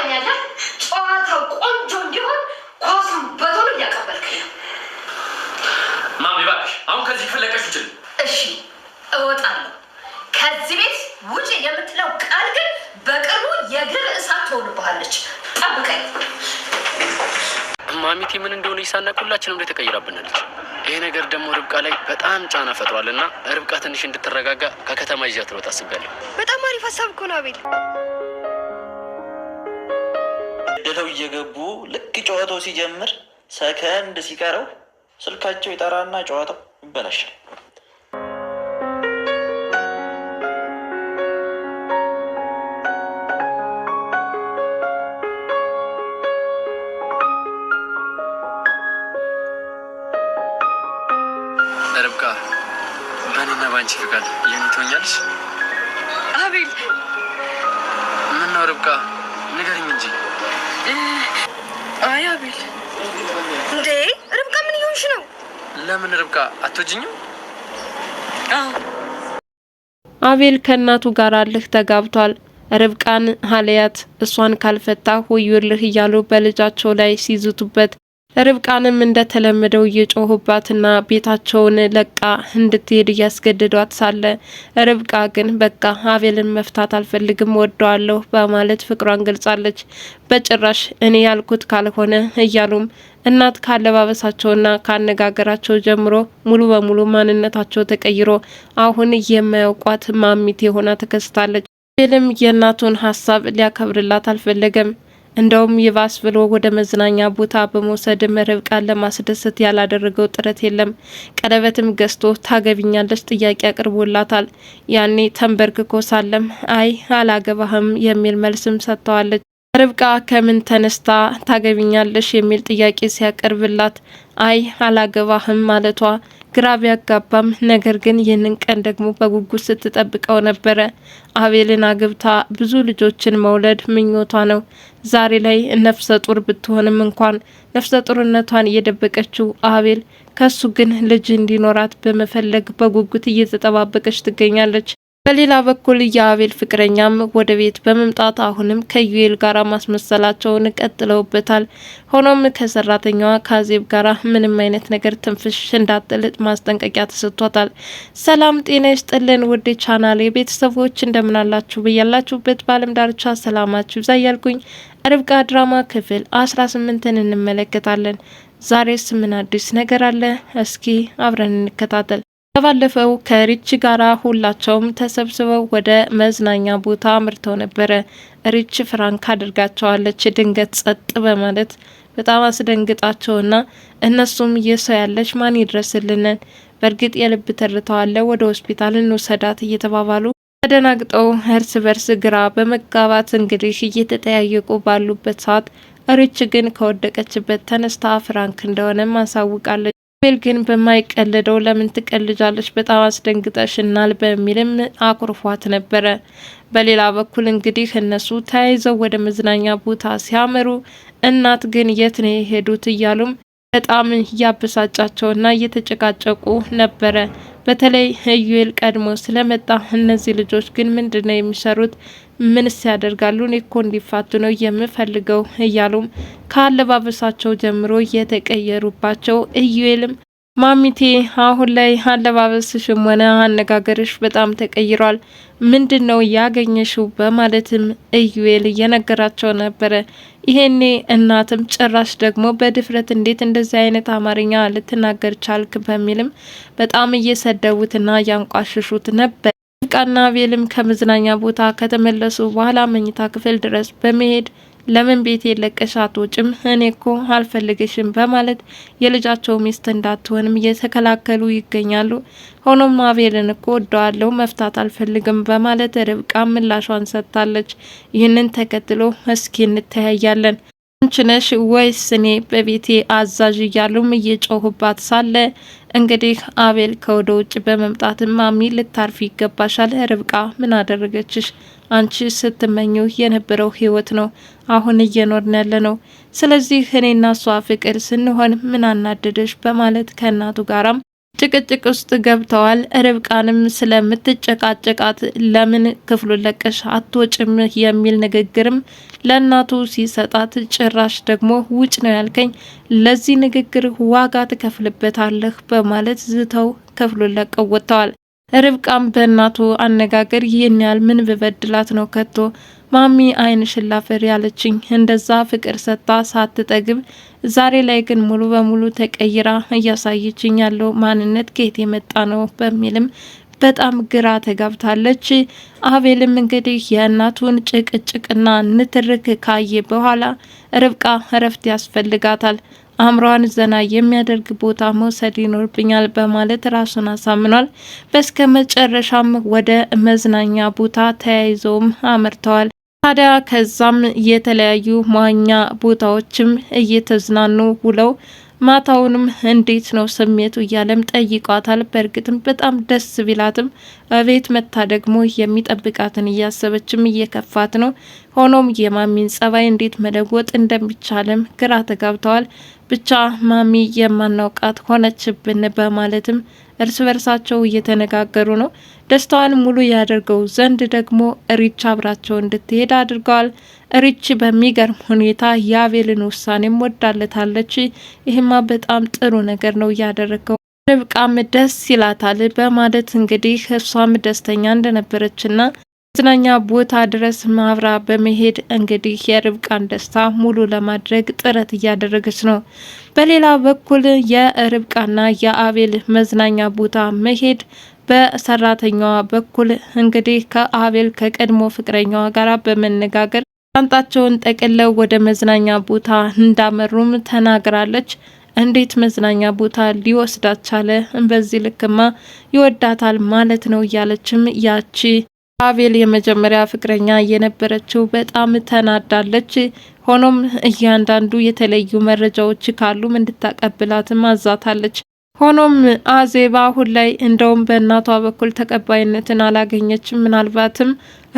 ትለኛለህ። ጨዋታው ቆንጆ እንዲሆን ኳሱን በቶሎ እያቀበልከኝ ነው። ማሚ እባክሽ አሁን ከዚህ ፈለቀሽ ውጭ። እሺ እወጣለሁ። ከዚህ ቤት ውጭ የምትለው ቃል ግን በቅርቡ የግር እሳት ትሆንብሃለች። ጠብቀኝ። ማሚቴ ምን እንደሆነ ይሳናቅ ሁላችንም ላይ ተቀይራብናለች። ይሄ ነገር ደግሞ ርብቃ ላይ በጣም ጫና ፈጥሯል እና ርብቃ ትንሽ እንድትረጋጋ ከከተማ ይዣት ልወጣ አስቤያለሁ። በጣም አሪፍ ሀሳብ እኮ ነው አቤል። ገደለው እየገቡ ልክ ጨዋታው ሲጀምር ሰከንድ ሲቀረው ስልካቸው ይጠራና ጨዋታው ይበላሻል። ርብቃ፣ በእኔና በአንቺ ፍቃድ የምትሆኛለሽ? አቤል፣ ምነው ርብቃ አይ አቤል፣ እንዴ ርብቃ፣ ምን እየሆንሽ ነው? ለምን ርብቃ አትወጂኝም? አቤል ከእናቱ ጋር አልህ ተጋብቷል። ርብቃን ሀልያት እሷን ካልፈታ ሁዩልህ እያሉ በልጃቸው ላይ ሲዝቱበት ርብቃንም እንደተለመደው እየጮሁባትና ቤታቸውን ለቃ እንድትሄድ እያስገድዷት ሳለ ርብቃ ግን በቃ አቤልን መፍታት አልፈልግም ወደዋለሁ በማለት ፍቅሯን ገልጻለች። በጭራሽ እኔ ያልኩት ካልሆነ እያሉም እናት ካለባበሳቸውና ካነጋገራቸው ጀምሮ ሙሉ በሙሉ ማንነታቸው ተቀይሮ አሁን የማያውቋት ማሚቴ ሆና ተከስታለች። አቤልም የእናቱን ሀሳብ ሊያከብርላት አልፈለገም። እንደውም ይባስ ብሎ ወደ መዝናኛ ቦታ በመውሰድ ርብቃን ለማስደሰት ያላደረገው ጥረት የለም። ቀለበትም ገዝቶ ታገቢኛለች ጥያቄ አቅርቦላታል። ያኔ ተንበርክኮ ሳለም አይ አላገባህም የሚል መልስም ሰጥተዋለች። ርብቃ ከምን ተነስታ ታገቢኛለሽ የሚል ጥያቄ ሲያቀርብላት አይ አላገባህም ማለቷ ግራ ቢያጋባም ነገር ግን ይህንን ቀን ደግሞ በጉጉት ስትጠብቀው ነበረ። አቤልን አግብታ ብዙ ልጆችን መውለድ ምኞቷ ነው። ዛሬ ላይ ነፍሰ ጡር ብትሆንም እንኳን ነፍሰ ጡርነቷን እየደበቀችው አቤል ከሱ ግን ልጅ እንዲኖራት በመፈለግ በጉጉት እየተጠባበቀች ትገኛለች። በሌላ በኩል የአቤል ፍቅረኛም ወደ ቤት በመምጣት አሁንም ከዩኤል ጋር ማስመሰላቸውን ቀጥለውበታል። ሆኖም ከሰራተኛዋ ከአዜብ ጋር ምንም አይነት ነገር ትንፍሽ እንዳትልጥ ማስጠንቀቂያ ተሰጥቷታል። ሰላም ጤና ይስጥልን ውድ ቻናሌ ቤተሰቦች እንደምናላችሁ ብያላችሁበት በአለም ዳርቻ ሰላማችሁ ይብዛ እያልኩኝ ርብቃ ድራማ ክፍል አስራ ስምንትን እንመለከታለን። ዛሬስ ምን አዲስ ነገር አለ? እስኪ አብረን እንከታተል። ከባለፈው ከሪች ጋራ ሁላቸውም ተሰብስበው ወደ መዝናኛ ቦታ አምርተው ነበረ። ሪች ፍራንክ አድርጋቸዋለች። ድንገት ጸጥ በማለት በጣም አስደንግጣቸውና እነሱም የሰው ያለች ማን ይድረስልንን፣ በእርግጥ የልብ ትርታ ወደ ሆስፒታል እንውሰዳት እየተባባሉ ተደናግጠው እርስ በርስ ግራ በመጋባት እንግዲህ እየተጠያየቁ ባሉበት ሰዓት ሪች ግን ከወደቀችበት ተነስታ ፍራንክ እንደሆነም አሳውቃለች። ቤል ግን በማይቀለደው ለምን ትቀልጃለች በጣም አስደንግጠሽናል በሚልም አኩርፏት ነበረ። በሌላ በኩል እንግዲህ እነሱ ተያይዘው ወደ መዝናኛ ቦታ ሲያመሩ እናት ግን የት ነው የሄዱት እያሉም በጣም እያበሳጫቸውና እየተጨቃጨቁ ነበረ። በተለይ እዩኤል ቀድሞ ስለመጣ እነዚህ ልጆች ግን ምንድነው የሚሰሩት ምንስ ያደርጋሉ? እኔ እኮ እንዲፋቱ ነው የምፈልገው እያሉም ከአለባበሳቸው ጀምሮ የተቀየሩባቸው ኢዩኤልም ማሚቴ አሁን ላይ አለባበስሽም ሆነ አነጋገርሽ በጣም ተቀይሯል፣ ምንድን ነው ያገኘሽው? በማለትም ኢዩኤል እየነገራቸው ነበረ። ይሄኔ እናትም ጭራሽ ደግሞ በድፍረት እንዴት እንደዚህ አይነት አማርኛ ልትናገር ቻልክ? በሚልም በጣም እየሰደቡትና እያንቋሽሹት ነበር። ሞኒቃና ቤልም ከመዝናኛ ቦታ ከተመለሱ በኋላ መኝታ ክፍል ድረስ በመሄድ ለምን ቤት የለቀሽ አትወጭም? እኔ እኮ አልፈልግሽም በማለት የልጃቸው ሚስት እንዳትሆንም እየተከላከሉ ይገኛሉ። ሆኖም አቤልን እኮ ወደዋለው መፍታት አልፈልግም በማለት ርብቃ ምላሿን ሰጥታለች። ይህንን ተከትሎ እስኪ እንተያያለን አንቺ ነሽ ወይስ እኔ? በቤቴ አዛዥ እያሉም እየጮሁባት ሳለ እንግዲህ አቤል ከወደ ውጭ በመምጣት ማሚ ልታርፊ ይገባሻል፣ ርብቃ ምን አደረገችሽ? አንቺ ስትመኙ የነበረው ህይወት ነው አሁን እየኖርን ያለ ነው። ስለዚህ እኔና እሷ ፍቅር ስንሆን ምን አናደደሽ? በማለት ከእናቱ ጋራም ጭቅጭቅ ውስጥ ገብተዋል። ርብቃንም ስለምትጨቃጨቃት ለምን ክፍሉን ለቀሽ አትወጭም የሚል ንግግርም ለእናቱ ሲሰጣት ጭራሽ ደግሞ ውጭ ነው ያልከኝ፣ ለዚህ ንግግር ዋጋ ትከፍልበታለህ በማለት ዝተው ክፍሉን ለቀው ወጥተዋል። ርብቃም በእናቱ አነጋገር ይህን ያህል ምን ብበድላት ነው ከቶ ማሚ አይን ሽላፈር ያለችኝ? እንደዛ ፍቅር ሰጥታ ሳትጠግብ ዛሬ ላይ ግን ሙሉ በሙሉ ተቀይራ እያሳየችኝ ያለው ማንነት ከየት የመጣ ነው በሚልም በጣም ግራ ተጋብታለች። አቤልም እንግዲህ የእናቱን ጭቅጭቅና ንትርክ ካየ በኋላ ርብቃ እረፍት ያስፈልጋታል አእምሯን ዘና የሚያደርግ ቦታ መውሰድ ይኖርብኛል በማለት ራሱን አሳምኗል። በስከ መጨረሻም ወደ መዝናኛ ቦታ ተያይዘውም አመርተዋል። ታዲያ ከዛም የተለያዩ መዋኛ ቦታዎችም እየተዝናኑ ውለው ማታውንም እንዴት ነው ስሜቱ እያለም ጠይቋታል። በእርግጥም በጣም ደስ ቢላትም እቤት መታ ደግሞ የሚጠብቃትን እያሰበችም እየከፋት ነው። ሆኖም የማሚን ጸባይ እንዴት መለወጥ እንደሚቻልም ግራ ተጋብተዋል። ብቻ ማሚ የማናውቃት ሆነችብን በማለትም እርስ በርሳቸው እየተነጋገሩ ነው። ደስታዋን ሙሉ ያደርገው ዘንድ ደግሞ እሪች አብራቸው እንድትሄድ አድርገዋል። እሪች በሚገርም ሁኔታ የአቤልን ውሳኔም ወዳለታለች። ይህማ በጣም ጥሩ ነገር ነው እያደረገው ርብቃም ደስ ይላታል በማለት እንግዲህ እሷም ደስተኛ እንደነበረችና መዝናኛ ቦታ ድረስ ማብራ በመሄድ እንግዲህ የርብቃን ደስታ ሙሉ ለማድረግ ጥረት እያደረገች ነው። በሌላ በኩል የርብቃና የአቤል መዝናኛ ቦታ መሄድ በሰራተኛዋ በኩል እንግዲህ ከአቤል ከቀድሞ ፍቅረኛዋ ጋር በመነጋገር ሻንጣቸውን ጠቅለው ወደ መዝናኛ ቦታ እንዳመሩም ተናግራለች። እንዴት መዝናኛ ቦታ ሊወስዳት ቻለ? በዚህ ልክማ ይወዳታል ማለት ነው እያለችም ያቺ አቤል የመጀመሪያ ፍቅረኛ የነበረችው በጣም ተናዳለች። ሆኖም እያንዳንዱ የተለዩ መረጃዎች ካሉም እንድታቀብላትም አዛታለች። ሆኖም አዜብ አሁን ላይ እንደውም በእናቷ በኩል ተቀባይነትን አላገኘችም። ምናልባትም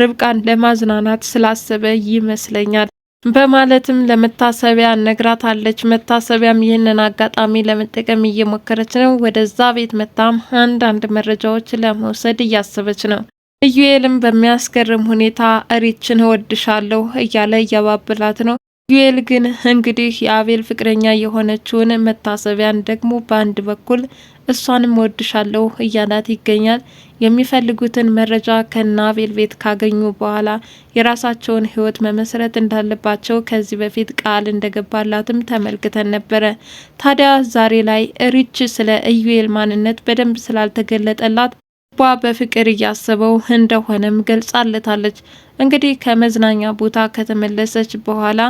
ርብቃን ለማዝናናት ስላሰበ ይመስለኛል በማለትም ለመታሰቢያ ነግራታለች። መታሰቢያም ይህንን አጋጣሚ ለመጠቀም እየሞከረች ነው። ወደዛ ቤት መታም አንዳንድ መረጃዎች ለመውሰድ እያሰበች ነው። እዩኤልም በሚያስገርም ሁኔታ እሪችን እወድሻለሁ እያለ እያባብላት ነው። ዩኤል ግን እንግዲህ የአቤል ፍቅረኛ የሆነችውን መታሰቢያን ደግሞ በአንድ በኩል እሷንም ወድሻለሁ እያላት ይገኛል። የሚፈልጉትን መረጃ ከነ አቤል ቤት ካገኙ በኋላ የራሳቸውን ህይወት መመስረት እንዳለባቸው ከዚህ በፊት ቃል እንደገባላትም ተመልክተን ነበረ። ታዲያ ዛሬ ላይ ሪች ስለ ኢዩኤል ማንነት በደንብ ስላልተገለጠላት ልቧ በፍቅር እያሰበው እንደሆነም ገልጻለታለች። እንግዲህ ከመዝናኛ ቦታ ከተመለሰች በኋላ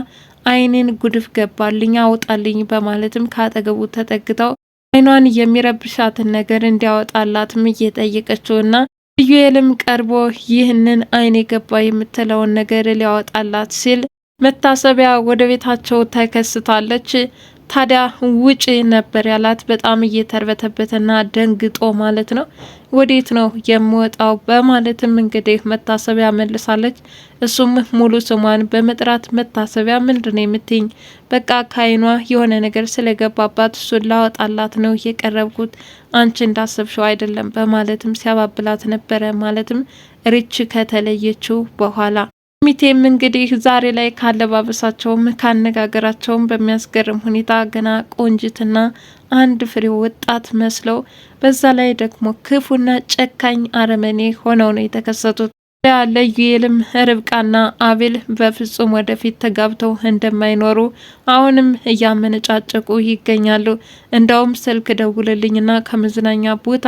አይኔን ጉድፍ ገባልኝ አውጣልኝ በማለትም ካጠገቡ ተጠግተው አይኗን የሚረብሻትን ነገር እንዲያወጣላትም እየጠየቀችውና ኢዩኤልም ቀርቦ ይህንን አይኔ የገባ የምትለውን ነገር ሊያወጣላት ሲል መታሰቢያ ወደ ቤታቸው ተከስታለች። ታዲያ ውጭ ነበር ያላት። በጣም እየተርበተበተና ደንግጦ ማለት ነው። ወዴት ነው የምወጣው በማለትም እንግዲህ መታሰቢያ መልሳለች። እሱም ሙሉ ስሟን በመጥራት መታሰቢያ ምንድን የምትኝ? በቃ ካይኗ የሆነ ነገር ስለገባባት እሱን ላወጣላት ነው የቀረብኩት፣ አንቺ እንዳሰብሸው አይደለም በማለትም ሲያባብላት ነበረ። ማለትም ሪች ከተለየችው በኋላ ሚቴም እንግዲህ ዛሬ ላይ ካለባበሳቸውም ካነጋገራቸውም በሚያስገርም ሁኔታ ገና ቆንጅትና አንድ ፍሬ ወጣት መስለው በዛ ላይ ደግሞ ክፉና ጨካኝ አረመኔ ሆነው ነው የተከሰቱት። ለዩኤልም ርብቃና አቤል በፍጹም ወደፊት ተጋብተው እንደማይኖሩ አሁንም እያመነጫጨቁ ይገኛሉ። እንደውም ስልክ ደውልልኝና ከመዝናኛ ቦታ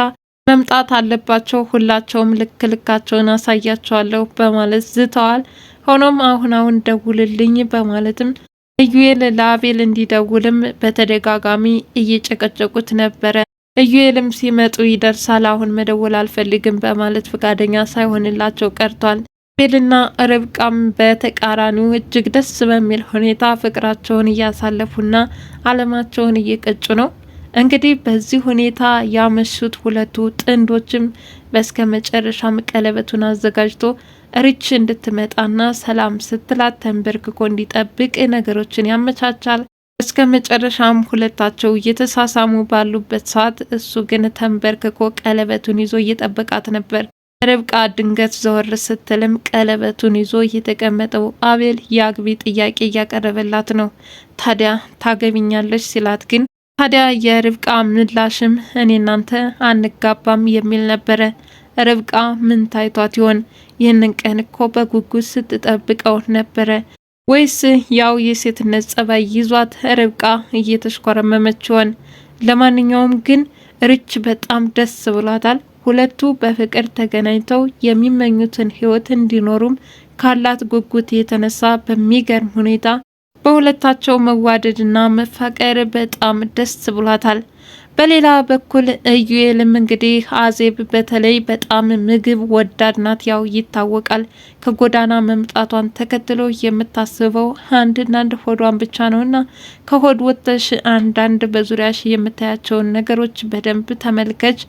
መምጣት አለባቸው፣ ሁላቸውም ልክ ልካቸውን አሳያቸዋለሁ በማለት ዝተዋል። ሆኖም አሁን አሁን ደውልልኝ በማለትም እዩኤል ለአቤል እንዲደውልም በተደጋጋሚ እየጨቀጨቁት ነበረ። እዩኤልም ሲመጡ ይደርሳል፣ አሁን መደወል አልፈልግም በማለት ፈቃደኛ ሳይሆንላቸው ቀርቷል። አቤልና ርብቃም በተቃራኒው እጅግ ደስ በሚል ሁኔታ ፍቅራቸውን እያሳለፉና አለማቸውን እየቀጩ ነው። እንግዲህ በዚህ ሁኔታ ያመሹት ሁለቱ ጥንዶችም በስከ መጨረሻም ቀለበቱን አዘጋጅቶ ሪች እንድትመጣና ሰላም ስትላት ተንበርክኮ እንዲጠብቅ ነገሮችን ያመቻቻል። እስከ መጨረሻም ሁለታቸው እየተሳሳሙ ባሉበት ሰዓት እሱ ግን ተንበርክኮ ቀለበቱን ይዞ እየጠበቃት ነበር። ርብቃ ድንገት ዘወር ስትልም ቀለበቱን ይዞ የተቀመጠው አቤል የአግቢ ጥያቄ እያቀረበላት ነው። ታዲያ ታገቢኛለች ሲላት ግን ታዲያ የርብቃ ምላሽም እኔ እናንተ አንጋባም የሚል ነበረ። ርብቃ ምን ታይቷት ይሆን? ይህንን ቀን እኮ በጉጉት ስትጠብቀው ነበረ። ወይስ ያው የሴትነት ጸባይ ይዟት ርብቃ እየተሽኮረመመች ይሆን? ለማንኛውም ግን ርች በጣም ደስ ብሏታል። ሁለቱ በፍቅር ተገናኝተው የሚመኙትን ሕይወት እንዲኖሩም ካላት ጉጉት የተነሳ በሚገርም ሁኔታ በሁለታቸው መዋደድና መፋቀር በጣም ደስ ብሏታል። በሌላ በኩል እዩኤልም እንግዲህ አዜብ በተለይ በጣም ምግብ ወዳድ ናት፣ ያው ይታወቃል። ከጎዳና መምጣቷን ተከትሎ የምታስበው አንድና አንድ ሆዷን ብቻ ነውና ከሆድ ወጥተሽ አንዳንድ በዙሪያሽ የምታያቸውን ነገሮች በደንብ ተመልከች፣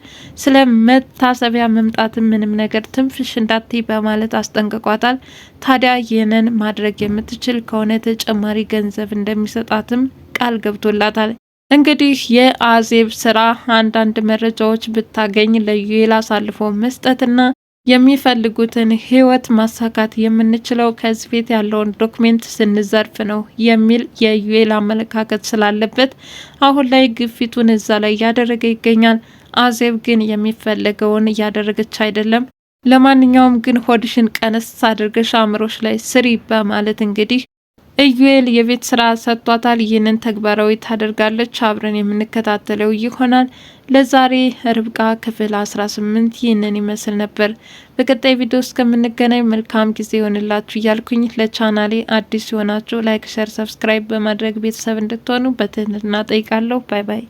ስለ መታሰቢያ መምጣትም ምንም ነገር ትንፍሽ እንዳትይ በማለት አስጠንቅቋታል። ታዲያ ይህንን ማድረግ የምትችል ከሆነ ተጨማሪ ገንዘብ እንደሚሰጣትም ቃል ገብቶላታል። እንግዲህ የአዜብ ስራ አንዳንድ መረጃዎች ብታገኝ ለዩኤል አሳልፎ መስጠትና የሚፈልጉትን ህይወት ማሳካት የምንችለው ከዚህ ቤት ያለውን ዶክሜንት ስንዘርፍ ነው የሚል የዩኤል አመለካከት ስላለበት አሁን ላይ ግፊቱን እዛ ላይ እያደረገ ይገኛል። አዜብ ግን የሚፈለገውን እያደረገች አይደለም። ለማንኛውም ግን ሆድሽን ቀነስ አድርገሽ አእምሮሽ ላይ ስሪ በማለት እንግዲህ እዩኤል የቤት ስራ ሰጥቷታል። ይህንን ተግባራዊ ታደርጋለች። አብረን የምንከታተለው ይሆናል። ለዛሬ ርብቃ ክፍል 18 ይህንን ይመስል ነበር። በቀጣይ ቪዲዮ እስከምንገናኝ መልካም ጊዜ ይሆንላችሁ እያልኩኝ ለቻናሌ አዲስ የሆናችሁ ላይክ፣ ሸር፣ ሰብስክራይብ በማድረግ ቤተሰብ እንድትሆኑ በትህትና ጠይቃለሁ። ባይ ባይ።